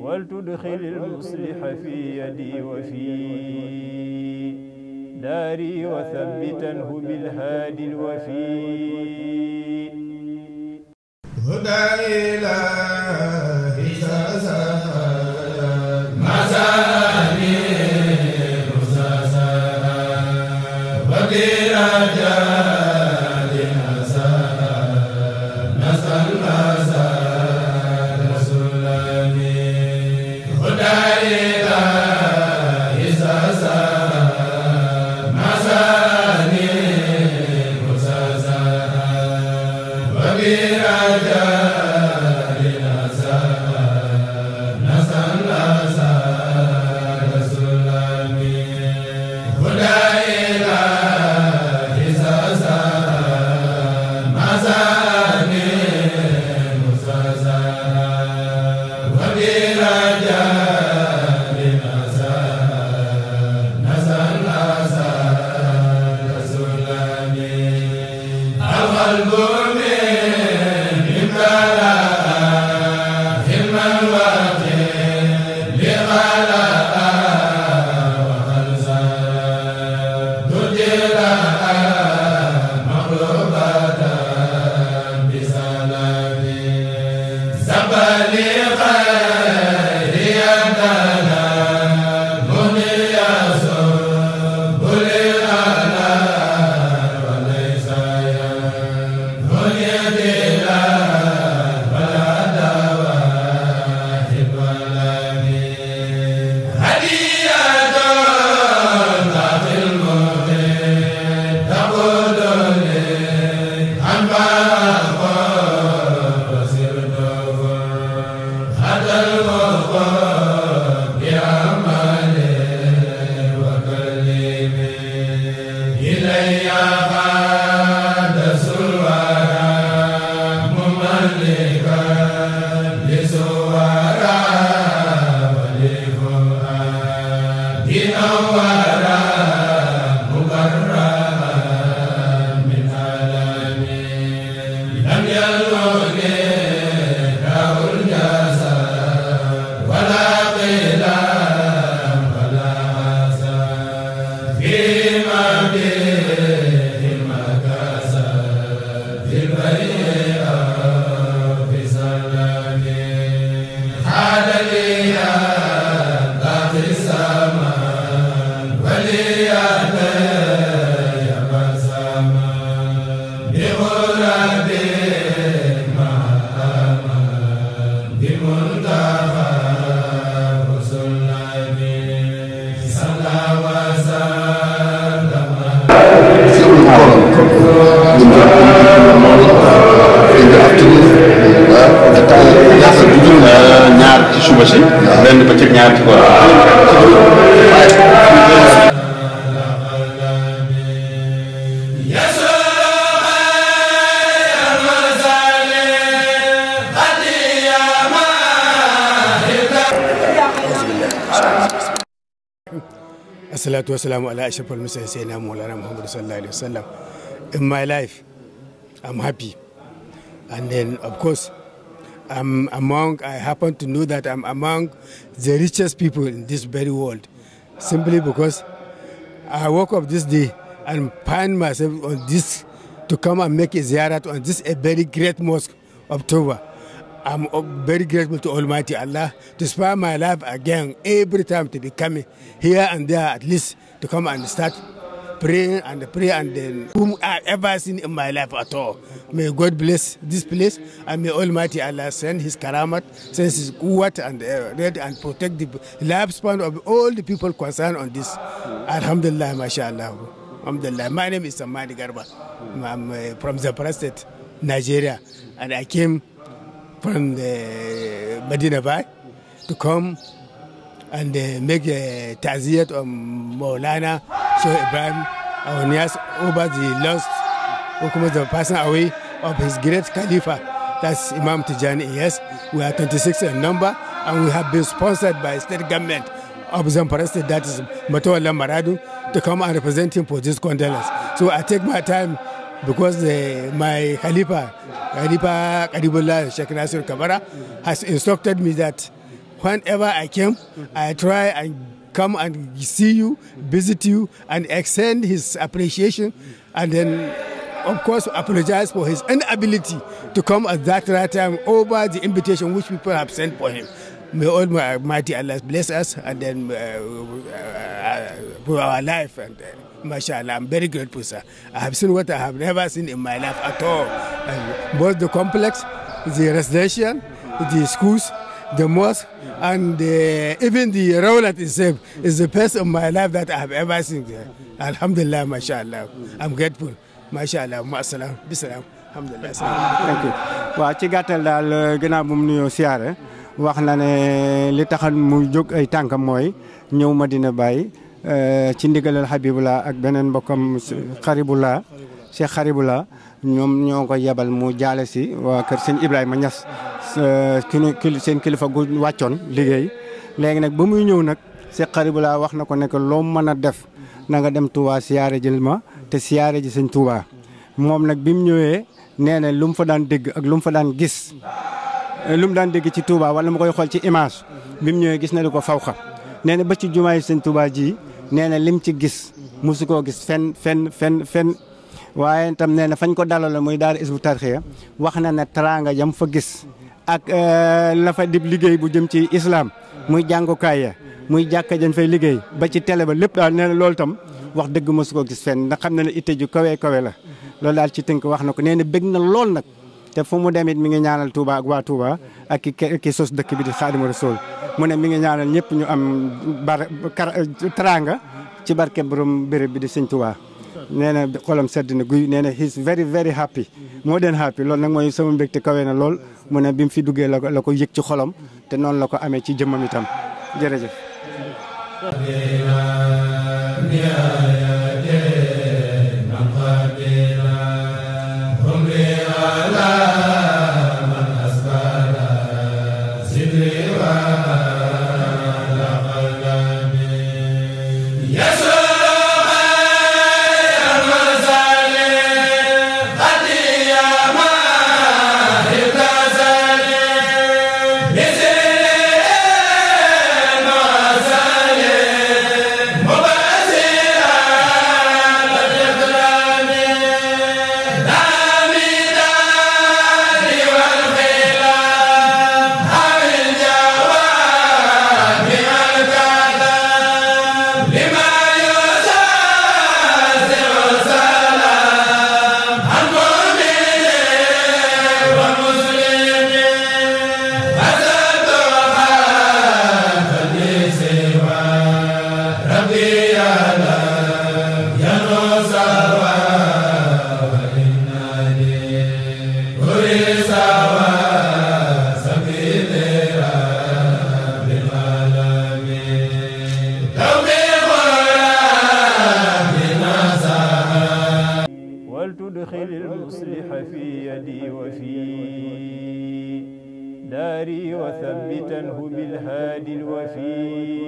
ولتدخل المصلح في يدي وفي داري وثبتنه بالهادي الوفي هدى إلهي ñaar ci góor asalaatu wasalaamu ala ashrafal mursalin sayyidina Mawlana Muhammad sallallahu alaihi wasallam in my life I'm happy and then of course I'm among, I happen to know that I'm among the richest people in this very world, simply because I woke up this day and find myself on this to come and make a ziyarat on this a very great mosque of Toba. I'm very grateful to Almighty Allah to spend my life again every time to be coming here and there at least to come and start praying and praying and then place and may Allah send His karamat, send His quwwat uh, and protect the lifespan of all the people concerned on this. Alhamdulillah, mashallah. Alhamdulillah. My name is Samadi Garba. I'm uh, from Zapara Nigeria. And I came from the Medina Bay to come and uh, taziyat on Maulana Shoaib Ibrahim Awanias over the lost or the passing away of his great Khalifa. That's Imam Tijani. Yes, we are 26 in number and we have been sponsored by state government of Zamfara State, that is Matawala Maradu, to come and represent for this condolence. So I take my time because uh, my Khalifa, Khalifa Kadibullah Sheikh Nasir Kamara, has instructed me that whenever I came, I try and come and see you, visit you, and extend his appreciation, and then, of course, apologize for his inability to come at that right time over the invitation which people have sent for him. May Almighty Allah bless us and then uh, uh, for uh, uh, our life. And uh, sir. I have seen what I have never seen in my life at all. both the complex, the residential, the schools, the mosque, and uh, even the Rawlat itself is the best of my life that I have ever seen there. Alhamdulillah, mashallah. I'm grateful. Mashallah, ma'asalam, bisalam. Alhamdulillah. Thank you. ci gàttal daal gannaaw bu mu siyaare wax na ne li taxan mu jóg ay tànkam mooy ñëw Madina Baye eh, ci ndigalal Habibullah ak beneen mbokkam Xaribullah Cheikh Xaribullah ñoom ñoo ko yebal mu jaale si waa kër sëñ Ibrahima ñas Euh, kii seen kilifa gu wàccoon liggéey léegi nag ba muy ñëw nag Cheikh laa wax na ko nekk loo mën a def na nga dem Touba siyaare ji ma te siyaare ji sëñ Touba moom nag bi mu ñëwee nee na lu mu fa daan dégg ak lu mu fa daan gis euh, lu mu daan dégg ci Touba wala mu koy xool ci image bi mu ñëwee gis na di ko fawxa nee na ba ci jumaa yi sëñ Touba ji nee na lim ci gis mosu koo gis fenn fenn fenn fenn waaye tam nee na fañ ko dalal la muy daara Hizbut Tarqiyyah wax na ne teraanga jam fa gis ak euh, la fa liggéey bu jëm ci islaam muy jàngukaay ya muy jàkka jañ fay liggéey ba ci tele ba lépp daal nee na loolu tam wax dëgg mosu ko gis fenn ndax xam na ne itte ju kawe kawe la lool daal ci tënk wax na ko nee na bëgg na lool nag te fu mu demit mi ngi ñaanal Touba ak waa Touba ak ki ki sos dëkk bi di Xaadimu Rasuul mu ne mi ngi ñaanal ñëpp ñu am bar teraanga ci barke borom béréb bi di sëñ Touba nee na xolam sedd na guy nee na he's very very happy more than happy loolu nag mooy sama mbégte kawe na lool mu ne bi mu fi duggee la ko la yëg ci xolam te noonu la ko amee ci jëmmam itam jërëjëf. Sibri wa الباري وثبته بالهادي الوفي